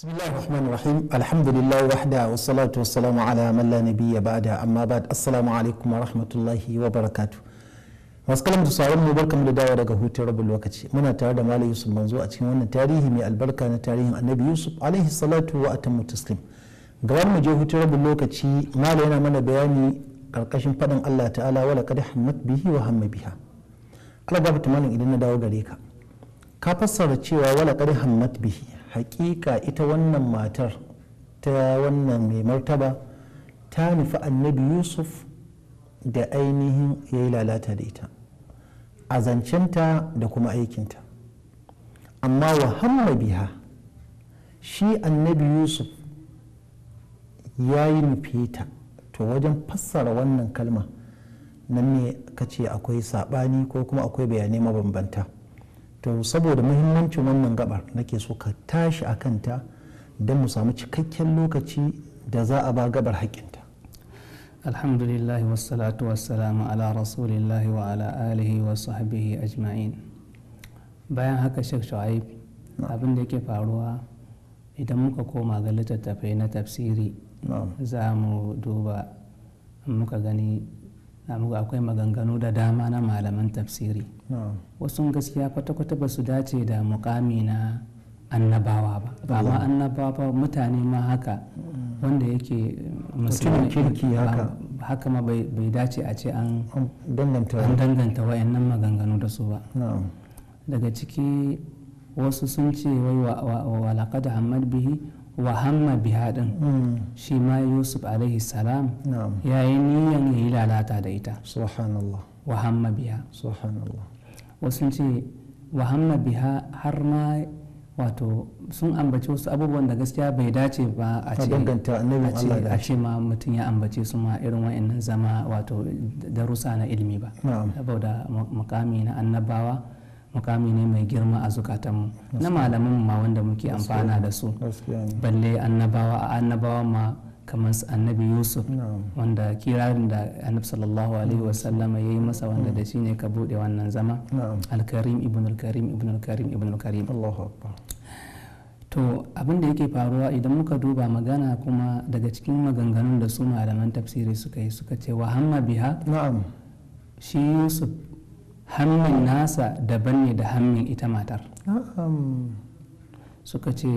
بسم الله الرحمن الرحيم الحمد لله وحده والصلاة والسلام على من لا نبي بعده أما بعد السلام عليكم ورحمة الله وبركاته masu da sauran mu barkamu da dawo daga hutun rabin lokaci muna tare da malam yusuf manzo a cikin wannan tarihi mai albarka na tarihin annabi yusuf alaihi salatu wa atammu taslim gaban mu je hutun rabin lokaci malam yana mana bayani karkashin fadin Allah ta'ala wala qad hammat bihi wa hamma biha Allah ba malam idan na dawo gare ka ka fassara cewa wala qad hammat bihi hakika ita wannan matar ta wannan mai martaba ta nufi annabi yusuf da ainihin ya yi lalata da ita a zancenta da kuma aikinta amma wa biha shi annabi yusuf ya yi ta to wajen fassara wannan kalma nan ne kace akwai saɓani ko kuma akwai bayanai mabambanta to saboda muhimmancin wannan gabar nake so ka tashi a kanta don mu samu cikakken lokaci da za a ba gabar haƙinta alhamdulillah wassalatu wassalamu ala rasulillah wa ala alihi wa sahbihi ajma'in bayan haka shek shu'aib abin da yake faruwa idan muka koma ga littattafai na tafsiri za mu duba muka gani abu akwai maganganu da dama na malaman tafsiri wasu gaskiya kwata-kwata ba su dace da mukami na annabawa ba ba ma annabawa ba mutane ma haka wanda yake musulmi haka ma bai dace a ce an danganta wayannan maganganu da su ba daga ciki wasu sun ce wai wa da hamad bihi wa hamma biha din hmm. shi ma yusuf alaihi salam ya yi niyan ya yi lalata da ita subhanallah wa hamma biha subhanallah wasu ce wa hamma biha har ma wato sun ambace wasu abubuwan da gaskiya bai dace ba a ce a ce ma mutum ya ambace su ma irin wa'annan zama wato darusa na ilimi ba saboda mukami na annabawa mukami ne mai girma a mu na malaman ma wanda muke amfana da su balle annabawa a annabawa ma kamar annabi yusuf wanda kirarin da annabi sallallahu alaihi wasallam ya yi masa wanda da shi ne ka bude wannan zama alkarim ibn alkarim ibn alkarim ibn alkarim to abin da yake faruwa idan muka duba magana kuma daga cikin maganganun da su malaman tafsiri suka yi suka ce wa hamma biha shi yusuf hannun nasa daban ne da hannun ita matar suka ce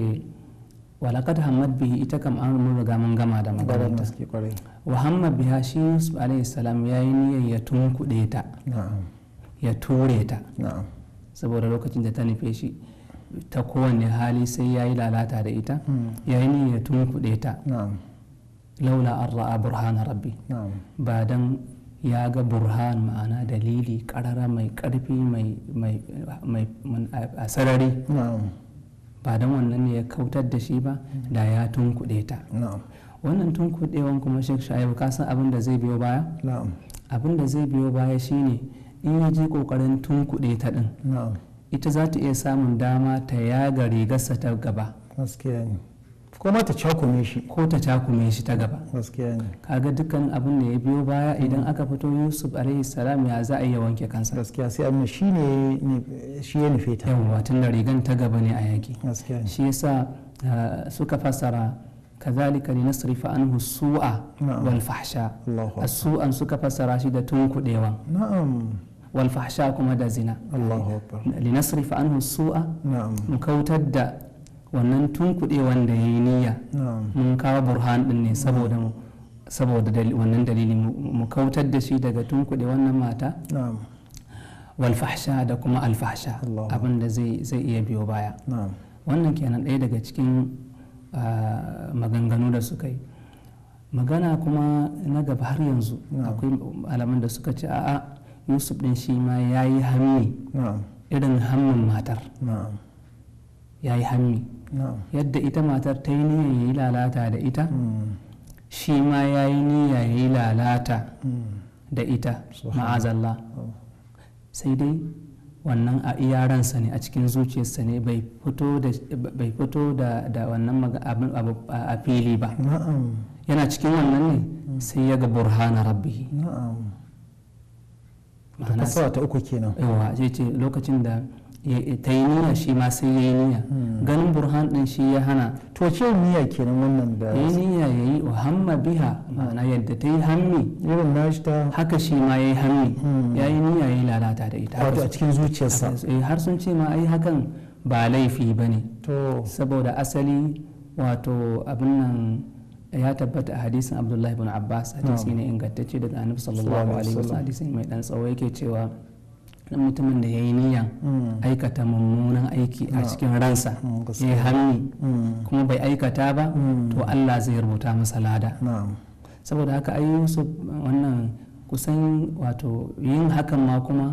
walakad hamad bihi ita kam an mun riga mun gama da magana wa hamad biha shi yusuf alaihi salam ya yi niyyar ya tunkuɗe ta ya ture ta saboda lokacin da ta nufe shi ta kowane hali sai ya yi lalata da ita hmm. ya yi niyyar ya tunkuɗe ta laula an ra'a burhan rabbi ba dan ya ga burhan ma'ana dalili karara mai karfi mai a sarari ba don wannan ne ya kautar da shi ba da ya tunkuɗe ta wannan tunkuɗewan kuma shek shaibu kasan abin da zai biyo baya abin da zai biyo baya shine in ya ji kokarin tunkuɗe ta ɗin ita za ta iya samun dama ta yaga rigarsa ta gaba ko ma ta cakume shi ko ta cakume shi ta gaba gaskiya ne kaga dukkan abin da ya biyo baya idan aka fito yusuf alaihi salam ya za a iya wanke kansa gaskiya sai amma shi ne shi ya nufe ta yawa tun da rigan ta gaba ne a yaki gaskiya shi yasa ah, suka fasara fassara كذلك لنصرف عنه السوء والفحشاء السوء أن سك فسراشي دا تنكو ديوان na'am والفحشاء كما دا زنا الله أكبر لنصرف عنه السوء نعم مكوتد wannan tunkuɗe wanda ya yi niyya mun kawo burhan ɗin ne saboda saboda wannan dalili mu kautar da shi daga tunkuɗe wannan mata walfahsha da kuma alfahsha abin da zai iya biyo baya wannan kenan ɗaya daga cikin ah, maganganu da suka yi magana kuma na gaba har yanzu akwai alamun da suka ci a'a yusuf ɗin shi ma ya yi hammi irin hammin matar ya yi hammi yadda ita matar ta yi niyya ya yi lalata da ita mm. shi ma ya yi niyya ya yi lalata mm. da ita ma'azalla oh. sai dai wannan a sa ne a cikin zuciyarsa ne bai fito da wannan a fili ba yana cikin wannan ne mm. sai ya ga burhana rabbi ta uku kenan ce lokacin da ta yi niyya shi ma sai ya yi niyya hmm. ganin burhan din shi ya hana to ce niyya kenan wannan da ya yi niyya ya yi wa hamma biha hmm. ma'ana yadda ta yi hammi irin nashi haka shi ma ya yi hammi hmm. ya yi niyya ya yi lalata da ita wato a cikin zuciyarsa eh, har sun ce ma ai hakan ba laifi ba ne saboda asali wato abin nan ya tabbata a hadisin abdullahi bin abbas hadisi ne ingantacce daga annabi sallallahu alaihi wasallam hadisi mai dan tsawo yake cewa na mutumin da ya yi niyan hmm. aikata mummunan aiki a ah. cikin ransa hmm, ya yi hannu hmm. kuma bai aikata ba to allah zai rubuta masa lada saboda haka ai yusuf wannan kusan wato yin hakan ma kuma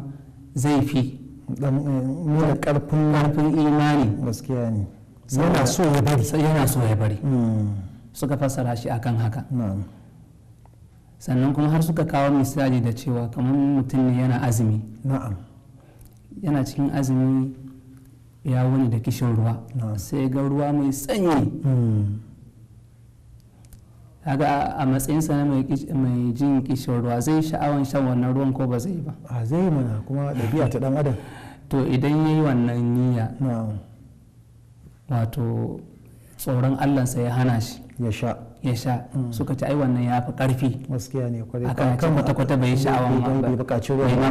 zai fi eh, nuna karfin imani gaskiya ne yana so ya bari yana so ya bari suka fassara shi akan haka sannan kuma har suka kawo misali da cewa kamar mutum ne yana azumi yana cikin azumi ya wani da kishin ruwa sai ga ruwa mai sanyi hmm. a matsayinsa na mai jin kishin ruwa zai sha'awan shan wannan ruwan ko ba zai ba a zai mana kuma ɗabi'a ta ɗan adam to idan ya yi wannan niyya wato tsoron allansa ya hana shi ya sha ya sha mm. suka ci ai wannan ya fi karfi gaskiya ne kwarai ne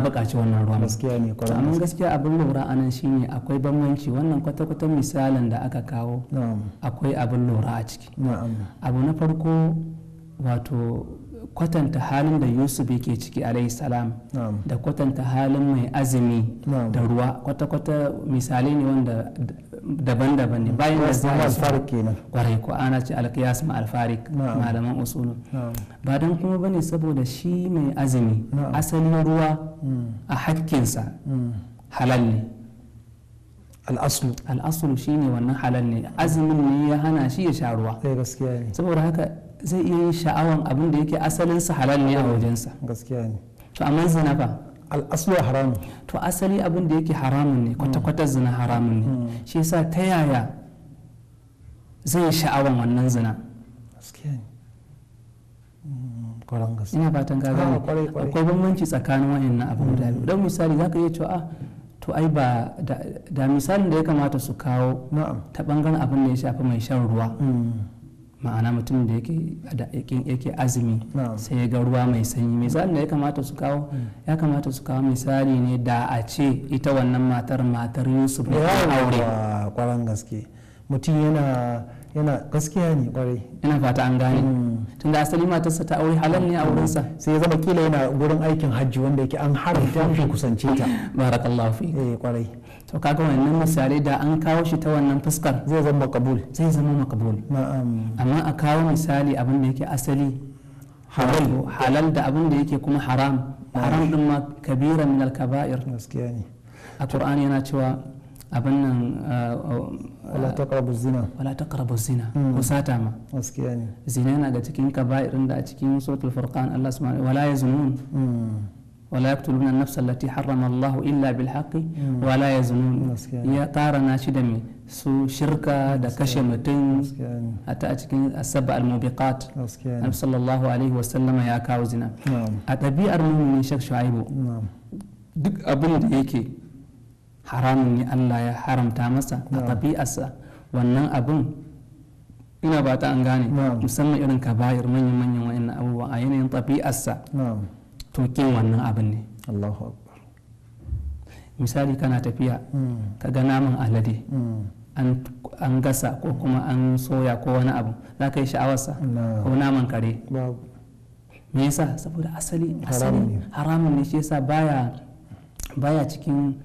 kwarai amma gaskiya abin lura anan shine akwai bambanci wannan kwata kwata misalin da aka kawo akwai abin lura a ciki abu na farko wato kwatanta halin da yusuf yake ciki alayhi salam da kwatanta halin mai azumi da ruwa kwata-kwata misali ne wanda daban-daban ne bayan da za a kwarai ko ana ce alkiyas ma alfarik malaman usulu ba don kuma bane saboda shi mai azumi asalin ruwa hmm. a hakkinsa hmm. halal ne al'asulu al'asulu shine wannan halal ne azumin ne ya hana shi ya sha ruwa eh, saboda haka zai iya yin sha'awan abin da yake asalinsa halal ne a wajensa gaskiya ne to amma zina ba al'aslu haram to asali abin da yake haramun ne kwata-kwata mm. zina haramun ne mm. shi yasa ta yaya zai yi sha'awan wannan zina mm, ina fatan ka ah, gane akwai bambanci tsakanin wayannan abu guda biyu don misali za ka iya cewa ah, to ai ba da misalin da ya kamata su kawo ta bangaren abin da ya shafi mai shan ruwa ma'ana mutum da yake azumi sai ya ga ruwa mai sanyi misali da ya kamata su kawo hmm. ya kamata su kawo misali ne da a ce ita wannan matar matar yusuf ya aure kwaran gaske mutum yana yana gaskiya ne kwarai ina fata an gane hmm. tun da asali matarsa ta aure halal ne a hmm. sa sai ya zama kila yana gurin aikin hajji wanda yake an haramta shi kusance ta barakallahu fi eh kwarai to kaga wannan misalai da an kawo shi ta wannan fuskar zai zama makabul zai zama makabul um, amma a kawo misali abin da yake asali halal da abin da yake kuma haram haram din ma kabira min al kaba'ir gaskiya ne a qur'ani yana cewa abin nan uh, wala taqrabu zina wala taqrabu zina ko hmm. sata ma gaskiya ne zina yana ga cikin kaba'irin da a cikin suratul furqan Allah subhanahu wala yazunun hmm. wala yaqtuluna an-nafsa allati harrama illa bil haqqi wala yaznun ya karana shi da me su shirka da kashe mutum hatta a cikin asaba al-mubiqat annabi sallallahu wa sallama ya kawo zina a ɗabi'ar mu'mini shek shu'aibu duk abin da yake haramun ya Allah ya haramta masa a ɗabi'arsa wannan abin ina bata an gane musamman irin kabayar manyan manyan wa'annan abubuwa a yanayin ɗabi'arsa to kin wannan abin ne Allahu akbar misali kana tafiya hmm. ka ga naman alade hmm. an gasa ko kuma an soya ko wani abu za ka yi sha'awarsa ko naman kare me yasa saboda asali asali haramun ne shi yasa baya baya cikin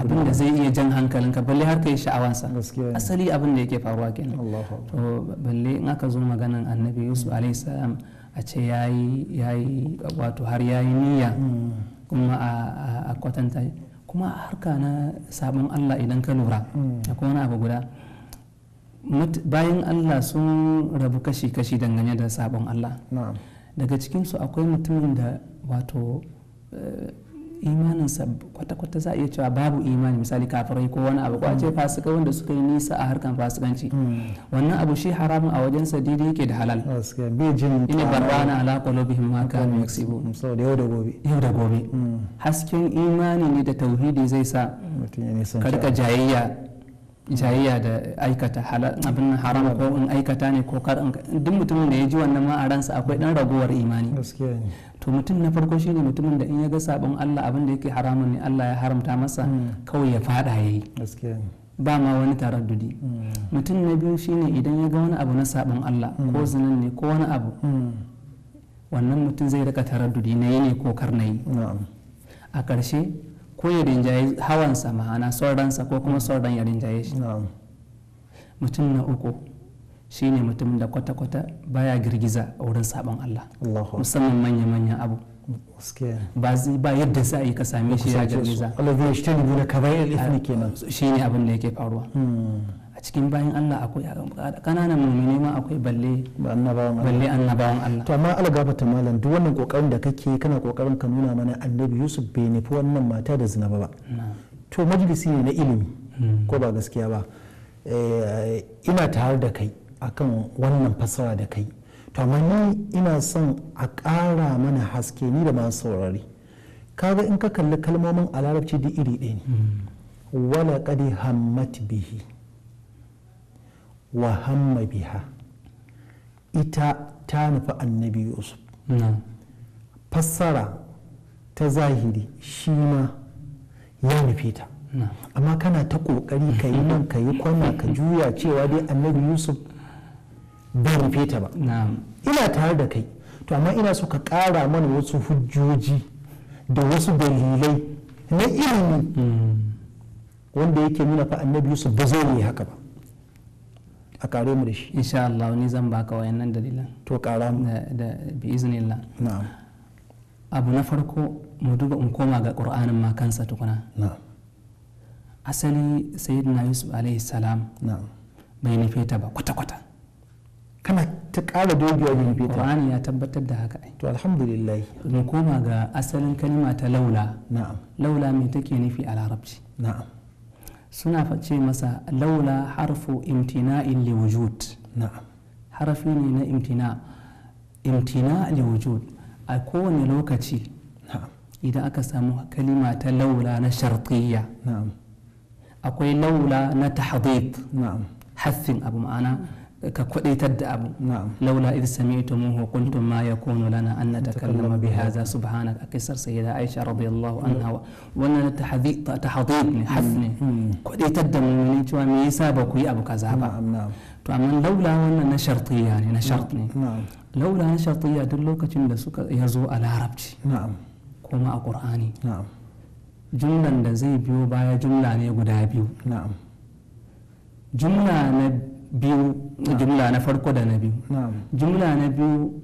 abin da zai iya jan hankalinka balle har ka yi sha'awansa asali abin da yake faruwa kenan to balle in aka zo maganan annabi yusuf alaihi salam a ce ya yi wato har ya yi niyya kuma a kwatanta kuma a harka na sabon allah idan ka lura da mm. wani abu guda bayan allah sun rabu kashi-kashi dangane da sabon allah daga cikinsu akwai mutumin da wato eh, imaninsa kwata-kwata za a iya cewa babu imani misali kafirai ko wani abu kwace hmm. fasika wanda suka yi nisa a harkar fasikanci hmm. wannan abu shi haramun a wajen sa daidai yake da halal ina barbana ala qulubihim maka kanu yaksubu da yau da gobe yau da gobe hmm. hasken imani ne da tauhidi zai sa karka jayayya jayayya da aikata abin haram ko in aikata ne ko kar duk mutumin da ya ji wannan ma a ransa akwai dan raguwar imani to mutum na farko shine mutumin da in ya ga sabon Allah abin da yake haramun ne Allah ya haramta masa hmm. kawai ya fada ya yi. ba ma wani taraddudi hmm. mutum na biyu shine idan ya ga wani abu na sabon Allah hmm. ko zinan ne ko wani abu wannan mutum zai rika taraddudi na yi ne ko kar na yi a ƙarshe ko ya rinjaye hawansa ma'ana son ko kuma son ya rinjaye shi mutum na uku shine mutumin da kwata-kwata baya girgiza a wurin sabon Allah musamman manya-manyan abu ba yadda za a yi ka same shi ya girgiza shi ne abin da yake faruwa hmm. a cikin bayan Allah akwai kananan mummune ma akwai balle balle annabawan Allah to amma ta malam duk wannan kokarin da kake kana kokarin ka nuna mana annabi Yusuf bai nufi wannan mata da zina ba to majalisi ne na ilimi hmm. ko ba gaskiya ba eh, ina tare da kai akan wannan fasara da kai to amma ni ina son a ƙara mana haske ni da masu saurari kaga in ka kalli kalmomin a larabci duk iri ɗaya ne wala kadi hammat bihi wa hamma biha ita ta nufi annabi yusuf fassara ta zahiri shi ma ya nufi ta amma kana ta ƙoƙari ka yi nan ka yi kwana ka juya cewa dai annabi yusuf bai rufe ta ba ina tare da kai to amma ina so ka kara mana wasu hujjoji da wasu dalilai na ilimi wanda yake nuna fa annabi yusuf ba zai yi haka ba a karo mu da shi insha Allah ni zan baka wayannan dalilan to kara mu da bi iznillah na'am abu na farko mu duba in koma ga qur'anin ma kansa tukuna na'am asali sayyidina yusuf alaihi salam na'am bai nufe ta ba kwata kwata kana ta ƙara dogewa bin bita Qur'ani ya tabbatar da haka to alhamdulillah mu koma ga asalin kalma ta laula na'am laula me take nufi a larabci na'am suna face masa laula harfu imtina'in li wujud na'am harfi ne na imtina imtina li wujud a kowane lokaci idan aka samu kalima ta laula na shartiyya na'am akwai laula na tahdid na'am hassin abu ma'ana كقديت تدعم نعم لولا إذ سمعتموه قلتم ما يكون لنا أن نتكلم بهذا سبحانك أكسر سيدة عائشة رضي الله عنها وأن تحذيق تحضيق حفني قديت تدعم من انت ومن ميسابك يا أبو كذابا نعم نعم فأما لولا وأن نشرطي يعني نشرطني نعم،, نعم لولا نشرطي دلوك تندسك يزو على عربتي نعم كما قرآني نعم جملة زي بيو بايا جملة أنا نعم جملة biyu jumla na farko da na biyu jumla na biyu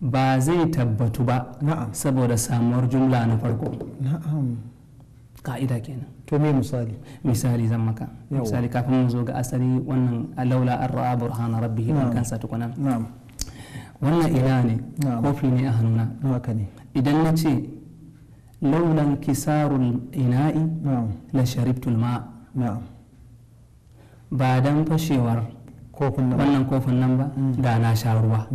ba zai tabbatu ba saboda samuwar jumla na farko ka'ida kenan to me misali misali zan maka misali kafin mu zo ga asali wannan alaula an ra'a burhana rabbihi an kansa tukunan wannan ila ne kofi ne a hannuna idan na ce laulan kisarul ina'i la sharibtul ma ba dan fashewar wannan kofin nan ba mm. da na sha ruwa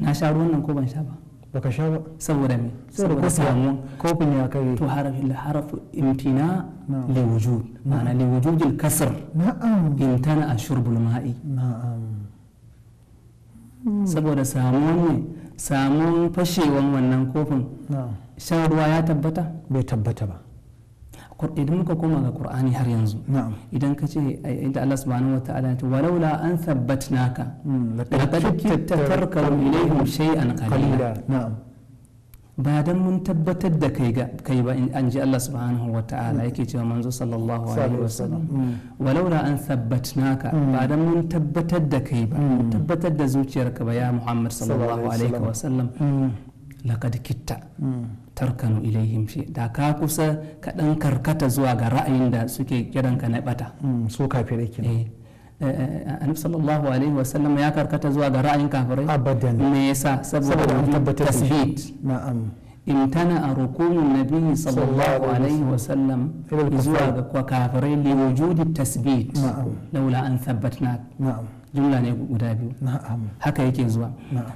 na sha ruwan nan ko ban sha ba baka sha ba saboda me saboda samu kofin ya kare to harafin harafu imtina li wujud ma'ana li wujudil kasr na'am imtana ashurbul ma'i na'am hmm. saboda samuwan ne samuwan fashewan wannan kofin shan ruwa ya tabbata bai tabbata ba idan muka koma ga qur'ani har yanzu idan ka ce eh, inda Allah subhanahu wa wataala ya ce walaula an thabbatnaka hmm, laqad kittatarka ilaihim shay'an qalila ba dan mun tabbatar da kai ga kai ba an ji Allah subhanahu wa wataala hmm. yake cewa manzo sallallahu alaihi wasallam hmm. walaula an thabbatnaka ba dan mun tabbatar da kai ba tabbatar da zuciyarka ba ya Muhammad sallallahu alaihi wasallam laqad kitta tarkanu ilaihim shi da ka kusa ka dan karkata zuwa ga ra'ayin da suke ka na bata hmm, su kafirai kenan eh, eh, eh, annabi sallallahu alaihi wasallam ya karkata zuwa ga ra'ayin kafirai abadan me yasa saboda tasbit na'am امتنع ركوب النبي صلى الله عليه وسلم إلى الكفار kafirai لوجود التثبيت na'am laula an thabbatna na'am jumla ne guda biyu haka yake zuwa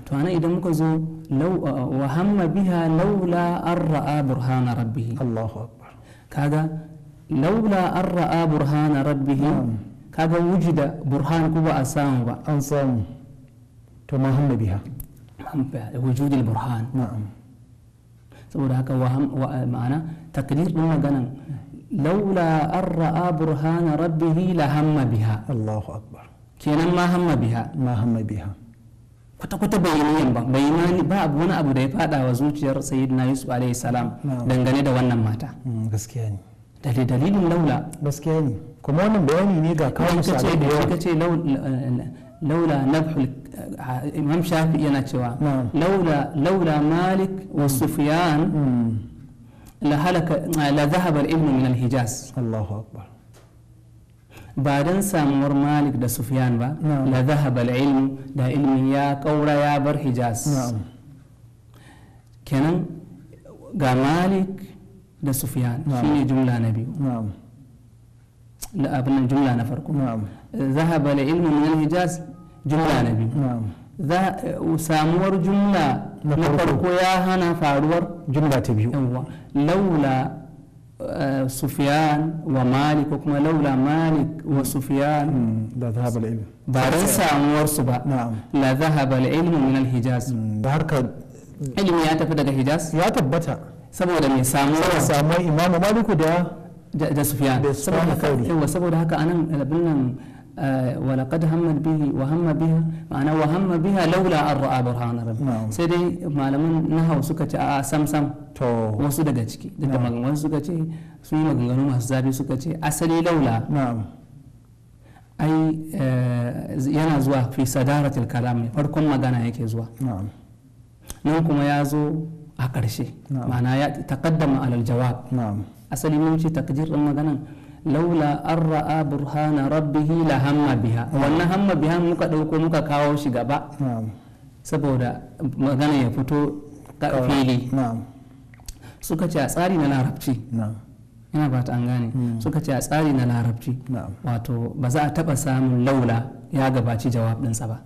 to ana idan muka zo law wa hamma biha laula an burhana rabbihi Allahu akbar kaga laula an burhana rabbihi kaga wujida burhan ku ba a samu ba an samu to ma hamma biha hamma wujudi burhan na'am saboda haka wa ma'ana takdir din maganan laula an ra'a burhana rabbihi la hamma biha Allahu akbar kenan ma hamma biha ma hamma biha kuta kuta bayaniyan ba bayani ba abu wani abu da ya fada wa zuciyar sayyidina yusuf alaihi salam dangane da wannan mata mm, gaskiya ne da dalilin laula gaskiya ne kuma wannan bayani ne ga kawo misalai da yawa kace laula nabhul imam shafi yana cewa laula laula malik wa mm. sufyan mm. la halaka la dhahaba al-ibn min al-hijaz Allahu akbar بعدن سامور مالك دا سفيان با نعم. لا ذهب العلم دا علم يا قورا يا بر حجاز نعم. كنن قا مالك دا سفيان نعم. شيني جملة نبي نعم لا أبنى جملة نفرق نعم ذهب العلم من الحجاز جملة نعم. نبي نعم ذا وسامور جملة نفركو يا هنا فارور جملة تبيو لولا Sufiyan wa Malik ko kuma laula Malik wa Sufiyan. da ba dan samuwar ba la zahaba ilm min al Hijaz harka ilimi ya tafi daga Hijaz ya tabbata saboda mai samuwar Maliku da da saboda haka anan abin nan ولقد هم به وهم بها ma'ana wa hamma biha laula an ra'a burhana rabbi sai dai malaman nahau suka ce a sam sam wasu daga ciki daga maganganu suka ce su yi maganganu masu zafi suka ce asali laula ai yana zuwa fi sadaratil kalam ne farkon magana yake zuwa nan kuma ya zo a karshe. ma'ana ya taƙaddama alal jawab asali mun ce takdir din maganan laula an ra'a burhana rabbihi la hamma biha wannan hamma biha muka dauko muka kawo shi gaba saboda magana ya fito fili suka ce a tsari na larabci ina ba ta an gane hmm. suka ce a tsari na larabci wato ba za a taba samun laula ya gabaci jawab ɗinsa ba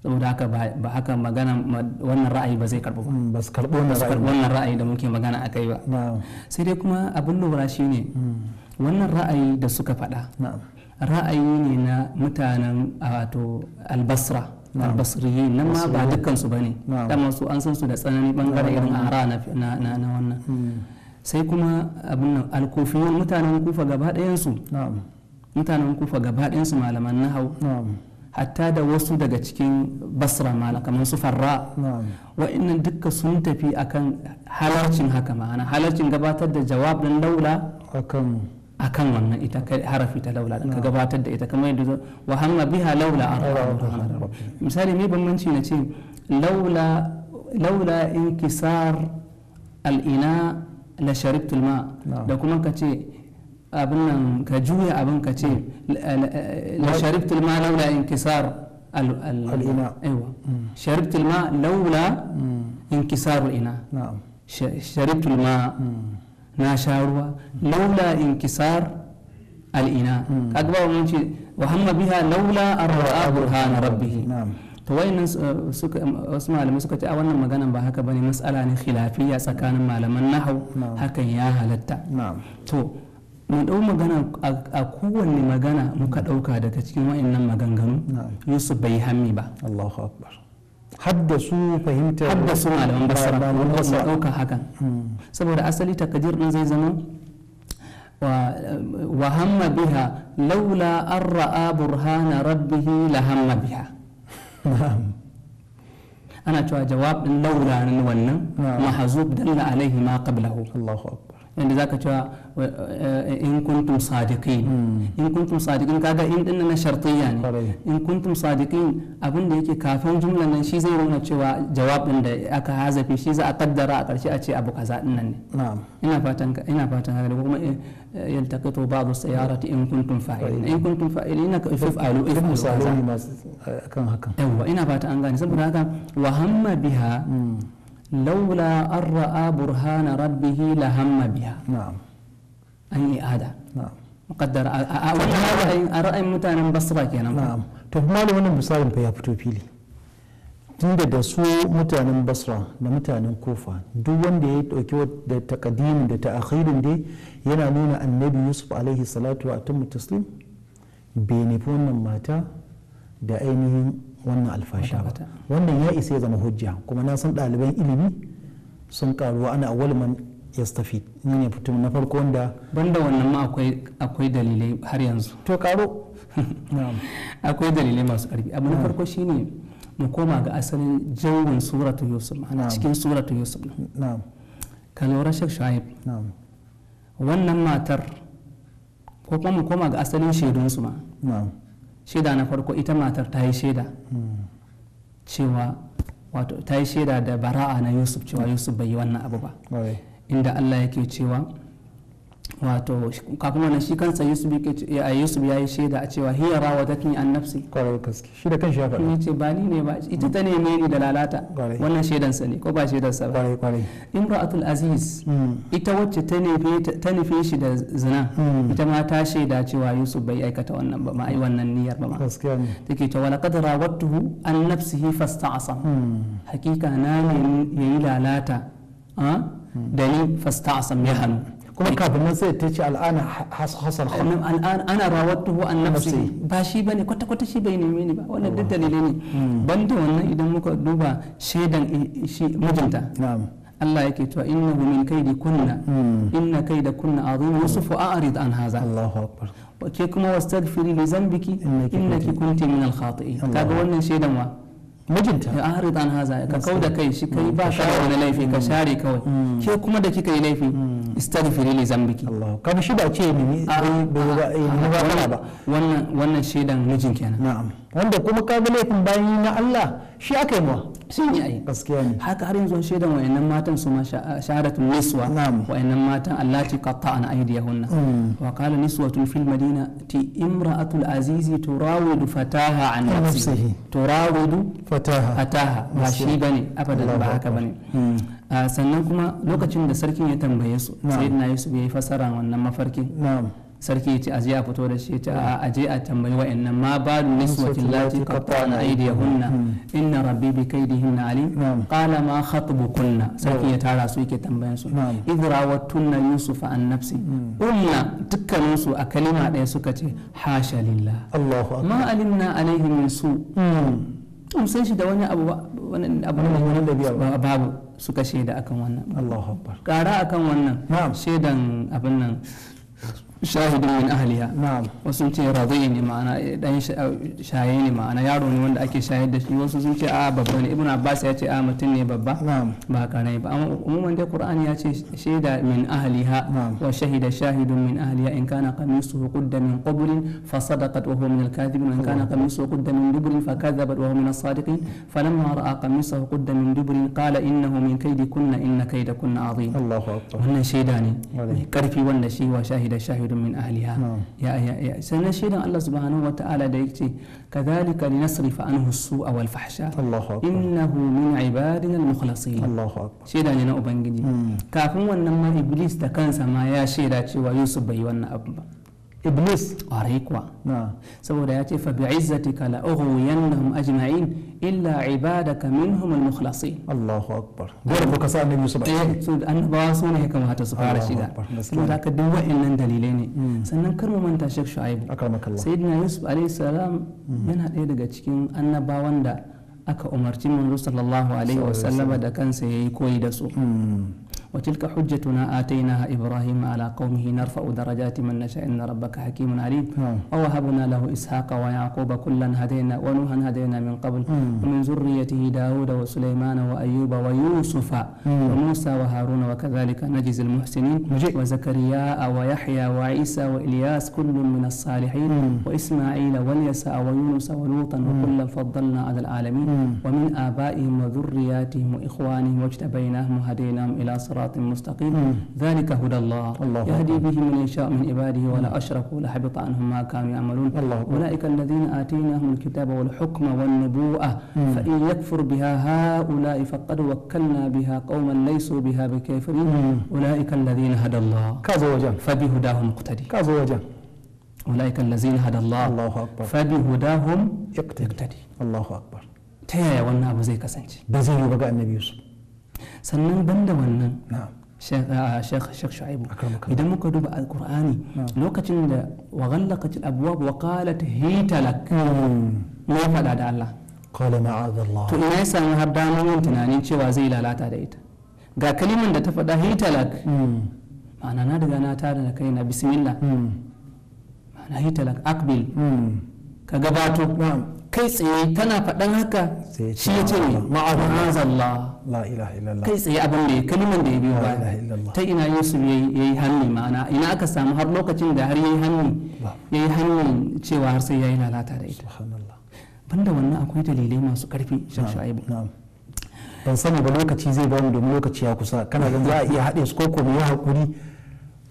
saboda haka ba haka magana wannan ra'ayi ba zai karɓo hmm, ba su karɓo wannan ra'ayi da muke magana a kai ba sai dai kuma abin lura shi ne hmm. wannan ra'ayi da suka faɗa ra'ayi ne na mutanen wato albasra albasriyi nan ma ba dukkansu ba ne dama su an san su da tsanani bangare irin ara na wannan hmm. sai kuma abin nan alkofiyun mutanen kufa gaba ɗayansu mutanen kufa gaba ɗayansu malaman nahau hatta da wasu daga cikin basra mala kamar su farra wa'annan dukka sun tafi akan halarcin haka ma'ana halarcin gabatar da jawabin laula akan akan wannan ita harafi ta laula ka gabatar da ita kamar yadda wa hamma biha laula misali me bambanci na ce laula laula inkisar al'ina la sharibtul ma da kuma ka ce abin nan ka juya abin ka ce la sharibtul ma laula inkisar al'ina aiwa mm. sharibtul ma laula mm. inkisar al'ina sharibtul ma mm. ناشا روا لولا انكسار الإناء أكبر من شيء وهم بها لولا أرآ برهان ربه نعم توين آه، سك آه، اسمع لما سكت أولنا ما جانا بهك بني مسألة خلافية سكان ما لما نحو هك نعم. يا هلتا نعم تو من أول ما جانا أكون ما جانا مكاد أوكا دكتي وين ما جانا نعم. يوسف بيهمي با الله أكبر haddasu fahimta haddasu malaman basara wanda su dauka hakan saboda asali takdir din zai zama wa hamma biha laula an ra'a burhana rabbih la hamma biha ana cewa jawab din laula nan wannan mahzub dalla alaihi ma qablahu Allahu akbar inda zaka cewa eh, in kuntum sadiqin hmm. in kuntum sadiqin kaga in din na shartiyya ne in kuntum sadiqin abin da yake kafin jumlan nan shi zai nuna cewa jawabin da aka hazafi shi za a kaddara a karshe a ce abu kaza din ne ina fatan ina fatan haka kuma eh, eh, yaltaqitu ba'd as-sayyarati in kuntum fa'ilin in kuntum fa'ilin ka if'alu if'alu misalai masu kan hakan yawa ina fatan an gane saboda haka wa hamma biha hmm. لولا أن رأى برهان ربه لهم بها نعم أني هذا نعم مقدر a ra'ayin mutanen basra kenan na'am to malu wannan misalin fa ya fito fili tunda da su mutanen basra da mutanen kofa duk wanda ya dauki da takadimin da ta'akhirin dai yana nuna annabi yusuf alaihi salatu wa atammu taslim bai nufi wannan mata da ainihin wannan alfasha ba wannan ya isa ya zama hujja kuma na san ɗaliban ilimi sun karuwa ana awwal man yastafi ni ne fitum na farko wanda banda wannan ma akwai akwai dalilai har yanzu to karo akwai dalilai masu ƙarfi abu na farko shine mu koma ga asalin jawun suratu yusuf ana cikin suratu yusuf na'am ka lura shek shuaib wannan matar ko kuma mu koma ga asalin shaidunsu ma shaida na farko ita matar ta yi shaida cewa wato ta yi shaida da bara'a na yusuf cewa yusuf bai yi wannan abu ba inda allah yake cewa wato kafin wannan shi kansa yusuf eh, yusuf ya yi shaida a cewa hiya rawadatni an nafsi kwarar gaske shi da kan shi ya faɗa ce ba ni ne ba ita ta neme ni da lalata wannan shaidan sa ne ko ba shaidan sa ba imra'atul aziz hmm. ita wacce ta nufe ta nufe shi da zina hmm. ita ma ta shaida cewa yusuf bai aikata wannan ba ma ai wannan niyyar ba ma gaskiya ne take ta wala qad rawattuhu an nafsihi fasta'asa hmm. hakika na ne yayi lalata ah, da ni fasta'asa ya hannu kuma kafin nan sai ta ce al'ana hasal khalq al'an ana rawattuhu an nafsi ba shi bane kwata kwata shi bai neme ni ba wannan duk dalilai ne hmm. banda wannan idan muka duba shaidan eh, shi mijinta Allah yake cewa innahu min kaidi kunna hmm. inna kaida kunna azim yusufu a'rid an haza Allahu akbar ke kuma wastaghfiri li zambiki innaki kunti min al-khati'in kaga wannan shaidan wa mijinta ya an haza ka kau da kai shi kai ba ka wani laifi ka share kawai ke kuma da kika yi laifi istaghfiri li zambiki ka shi ba ce ne ba wannan shaidan mijin kenan na'am wanda kuma kaga laifin bayan na Allah shi aka yi mawa shi ne gaskiya ne haka har yanzu shaidan wayannan matan su ma sharatun niswa wayannan matan allati qatta'na aydiyahunna hmm. wa qala niswatun fil ti imra'atul azizi turawidu fataha an nafsihi turawidu fataha fataha ba shi bane abadan ba haka bane hmm. ah, sannan kuma lokacin da sarkin ya tambaye su sayyidina yusuf yayi fasara wannan mafarkin na'am sarki ce aje a fito da shi ta aje a tambayi wa'annan ma balu niswatin lati ya aydiyahunna inna rabbi bi kaidihunna alim qala ma khatubukunna sarki ya tara su yake tambayan su tunna yusufa an nafsi kunna hmm. dukkanin su a kalima ɗaya suka ce hasha lillah ma alimna alaihi min su tun hmm. san shi da wani abu wani abu babu suka shaida akan wannan Allahu akbar kara akan wannan shaidan abin nan شاهد من أهلها نعم وسنتي راضين ما أنا دين شاهين ما أنا يارون وند أكى شاهد وسنتي آ بابا ابن عباس يأتي آ متني بابا نعم باكاني بابا أم من ده القرآن يأتي شهد من أهلها نعم وشهد شاهد من أهلها إن كان قميصه قد من قبر فصدقت وهو من الكاذبين وإن كان نعم. قميصه قد من دبر فكذبت وهو من الصادقين فلما رأى قميصه قد من دبر قال إنه من كيد كنا إن كيد كنا عظيم الله أكبر هن شهداني كرفي ونشي وشاهد شاهد خير من أهلها نعم. يا يا يا سنشهد أن الله سبحانه وتعالى ديكتي كذلك لنصرف عنه السوء والفحشاء الله أكبر إنه من عبادنا المخلصين الله أكبر شهد أن لنا أبنجي كافم وأنما إبليس تكنس ما يا شهد ويوسف بيوانا أبنجي iblis ƙwarai kuwa saboda ya ce fa bi izzatika la ughwiyannahum ajma'in illa ibadaka minhum al-mukhlasin Allahu akbar gore ko kasa annabi Yusuf eh so annabawa su ne kamar hata su fara shiga kuma da ka duk wa'annan dalilai ne hmm. sannan kar mu manta Sheikh Shu'aib sayyidina Yusuf alaihi salam hmm. yana ɗaya daga cikin annabawan da aka umarci manzo sallallahu alaihi wasallama da kansa yayi koyi da su hmm. وتلك حجتنا آتيناها إبراهيم على قومه نرفع درجات من نشاء إن ربك حكيم عليم نعم. ووهبنا له إسحاق ويعقوب كلا هدينا ونوحا هدينا من قبل نعم. ومن ذريته داود وسليمان وأيوب ويوسف نعم. وموسى وهارون وكذلك نجزي المحسنين وزكريا ويحيى وعيسى وإلياس كل من الصالحين وإسماعيل واليسع ويونس ولوطا وكلا فضلنا على العالمين ومن آبائهم وذرياتهم وإخوانهم واجتبيناهم وهديناهم إلى صراط صراط مستقيم ذلك هدى الله, يهدي به من يشاء من عباده ولا أشركوا لحبط عنهم ما كانوا يعملون أولئك الذين آتيناهم الكتاب والحكم والنبوءة فإن يكفر بها هؤلاء فقد وكلنا بها قوما ليسوا بها بكافرين أولئك الذين هدى الله فبهداه مقتدي أولئك الذين هدى الله الله أكبر فبهداهم اقتدي الله أكبر تيا يا ونا أبو زي كسنج بزي بقى النبي يوسف sannan banda wannan shek ah, shu'aibu idan muka duba alkur'ani lokacin da wa ghallaqat al-abwab wa qalat lak hmm. fada da Allah qala to ina sami har damar yin tunanin cewa zai lalata da ita ga kaliman da ta fada hita lak hmm. ma'ana na daga na tada da kaina bismillah hmm. ma'ana hita lak akbil ka gabato kai tsaye tana faɗan haka shi ya ce ma'azallah kai tsaye abin da ya kaliman da ya biyo ba ta ina yusuf ya yi hannu ma'ana ina aka samu har lokacin da har ya yi hannu ya yi hannu cewa har sai ya yi lalata da ita banda wannan akwai dalilai masu karfi shashu'aibu ban sani ba lokaci zai ba mu domin lokaci ya kusa kana zan za a iya haɗe su ko mu yi haƙuri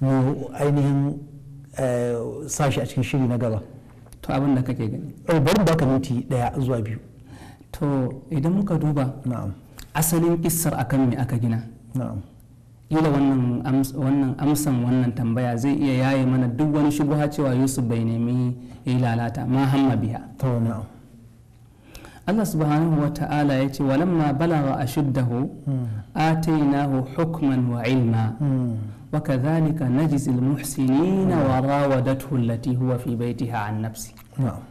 mu ainihin eh, sashi a cikin shiri na gaba to abin da kake gani eh, bari baka minti daya zuwa biyu to idan muka duba asalin kissar akan me aka gina ila wannan amsan wannan tambaya zai iya yaye mana duk wani shubuha cewa yusuf bai nemi ya yi lalata ma hamma biya الله سبحانه وتعالى يتي ولما بلغ أشده آتيناه حكما وعلما وكذلك نجز المحسنين وراودته التي هو في بيتها عن نفسه نعم.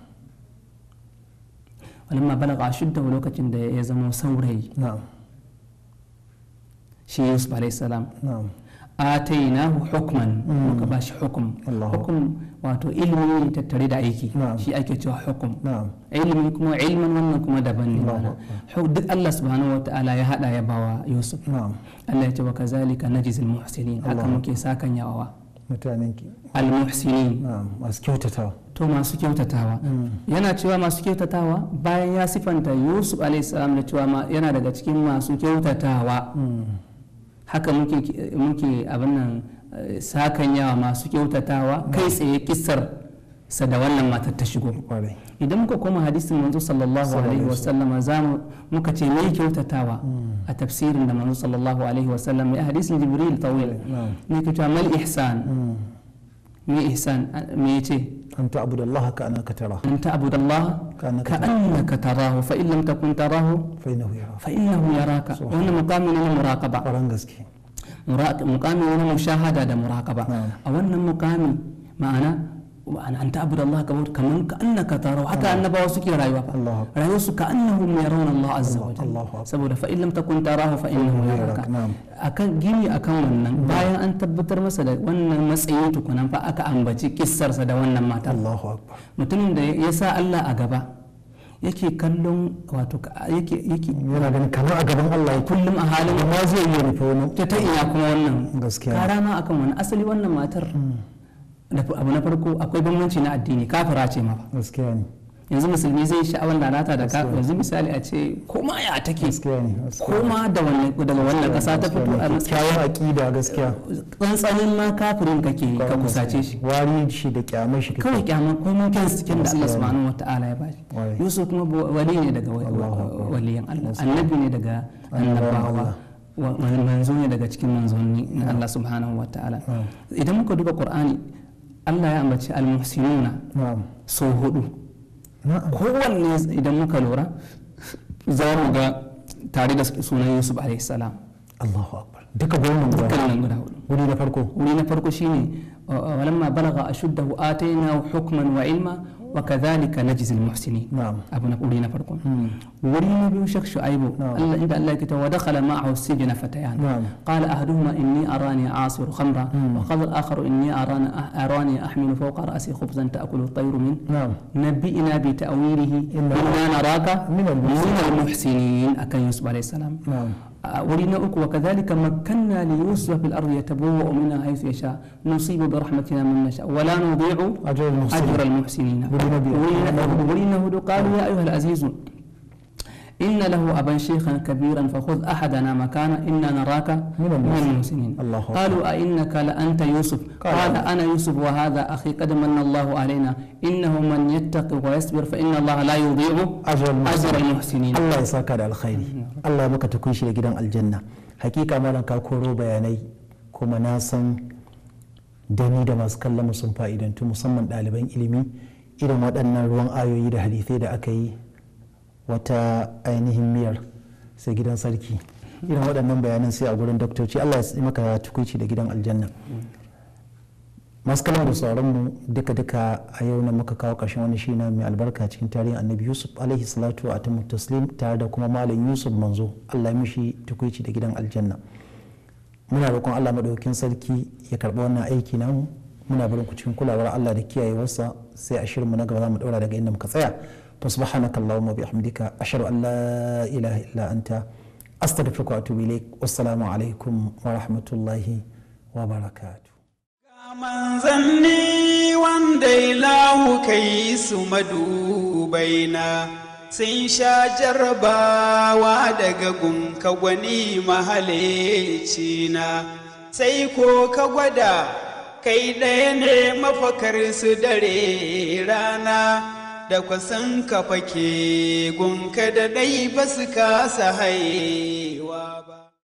ولما بلغ أشده لوكا جند يزمو سوري نعم شيء يوسف عليه السلام نعم آتيناه حكما وكباش حكم الله حكم الله. wato ilimi ne tattare da aiki shi ake cewa hukum ilimi kuma ilimin wannan kuma daban ne duk Allah subhanahu wataala ya hada ya bawa Yusuf Allah ya ce wa kazalika najzil muhsinin haka muke sakan yawawa mutanen ki al-muhsinin masu kyautatawa to masu kyautatawa hmm. yana cewa masu kyautatawa bayan ya sifanta Yusuf alaihi salam da cewa yana daga cikin masu kyautatawa hmm. haka muke muke abin nan sakanyawa masu kyautatawa kai tsaye kissar sa da wannan matar ta shigo idan muka koma hadisin manzo sallallahu alaihi wa wasallama za mu muka ce mai kyautatawa hmm. a tafsirin da manzo sallallahu alaihi wa wasallam ya hadisin jibril tawil ne ka cewa mal ihsan hmm. me ihsan me yace an ta'budu Allah ka annaka tarahu an ta'budu ka annaka tarahu fa in lam takun tarahu fa innahu yaraka fa innahu yaraka wannan maqamin na muraqaba gaske مقام هو مشاهدة ده مراقبة نعم. أولا مقام معنا أن تعبد الله كبر كمن كأنك تراه حتى نعم. أن بواسك رأيوا رأيوا كأنهم يرون الله عز وجل سبورة فإن لم تكن تراه فإنه يراك نعم. أكن جيني أكن ونن بايا أن تبتر مسألة وأن مسئيتك أنا فأك أنبتي كسر سدا ونن ما الله أكبر متنين ده يسأل الله أجابه yake kallon wato yake yake yana ganin kamar a gaban Allah ya kullum a halin amma zai iya rufe wani ta ta ina kuma wannan gaskiya kara ma akan wani asali wannan matar hmm. abu na farko akwai bambanci na addini kafara ce ma gaskiya ne yanzu musulmi zai sha'awar lalata da ka yanzu misali a ce koma ya take koma da wannan daga wannan kasa ta fito a matsayin aqida gaskiya tsantsanin ma kafirin kake ka kusace shi wari shi da kyamar shi kawai kyamar komai kan cikin da Allah subhanahu wataala ya bashi Yusuf kuma wali ne daga waliyan Allah annabi ne daga annabawa manzo ne daga cikin manzonni na Allah subhanahu wataala idan muka duba Qur'ani Allah ya ambaci al-muhsinuna so hudu kowanne idan muka lura za mu ga tare da sunan yusuf alaihi salam Allahu akbar duka gurin dukkanin guda hudu wuri na farko wuri na farko shine walamma balagha ashuddahu atainahu hukman wa ilma وكذلك نجزي المحسنين نعم أبونا قولينا فرقون ورينا بيوشك شعيب نعم الله عند الله كتاب ودخل معه السجن فتيان نعم قال أحدهما إني أراني أعصر خمرا وقال الآخر إني أراني أراني أحمل فوق رأسي خبزا تأكل الطير منه نعم نبئنا بتأويله إنا نراك من المحسنين, من المحسنين أكن يوسف عليه السلام نعم ولنا أكو وكذلك مكنا ليوسف في الأرض يتبوأ منها حيث يشاء نصيب برحمتنا من نشاء ولا نضيع أجر المحسنين ولنا هدو قالوا يا أيها العزيز إن له أبا شيخا كبيرا فخذ أحدنا مكانا إنا نراك من المحسنين قالوا أئنك لأنت يوسف قال أنا يوسف وهذا أخي قد من الله علينا إنه من يتقي ويصبر فإن الله لا يضيع أجر المحسنين الله يساك على الخير الله يبقى تكون شيء جدا الجنة حقيقة ما لك كورو بياني كما ناسا dani da masu kallon sun fa'idantu musamman ɗaliban ilimi irin waɗannan ruwan ayoyi da hadithai da aka yi wata ainihin miyar sai gidan sarki irin waɗannan bayanan sai a gurin doktoci allah ya maka tukunci da gidan aljanna maskalan da sauranmu duka-duka a yau na muka kawo ƙarshen wani shi na mai albarka cikin tarihin annabi yusuf alaihi salatu a taslim tare da kuma malam yusuf manzo allah mishi tukuici da gidan aljanna muna roƙon allah maɗaukin sarki ya karɓi wannan aiki namu muna barin ku cikin kulawar allah da kiyayewarsa sai a shirinmu na gaba za mu ɗaura daga inda muka tsaya فسبحانك اللهم وبحمدك أشهد أن لا إله إلا أنت أستغفرك وأتوب إليك والسلام عليكم ورحمة الله وبركاته manzanni wanda ilahu kai su madubaina sun sha jarabawa daga gunka gwani mahalicci na sai ko ka gwada kai ɗaya ne mafakar su dare rana da kwasan kafa fake gunka da ɗai ba su kasa haiwa ba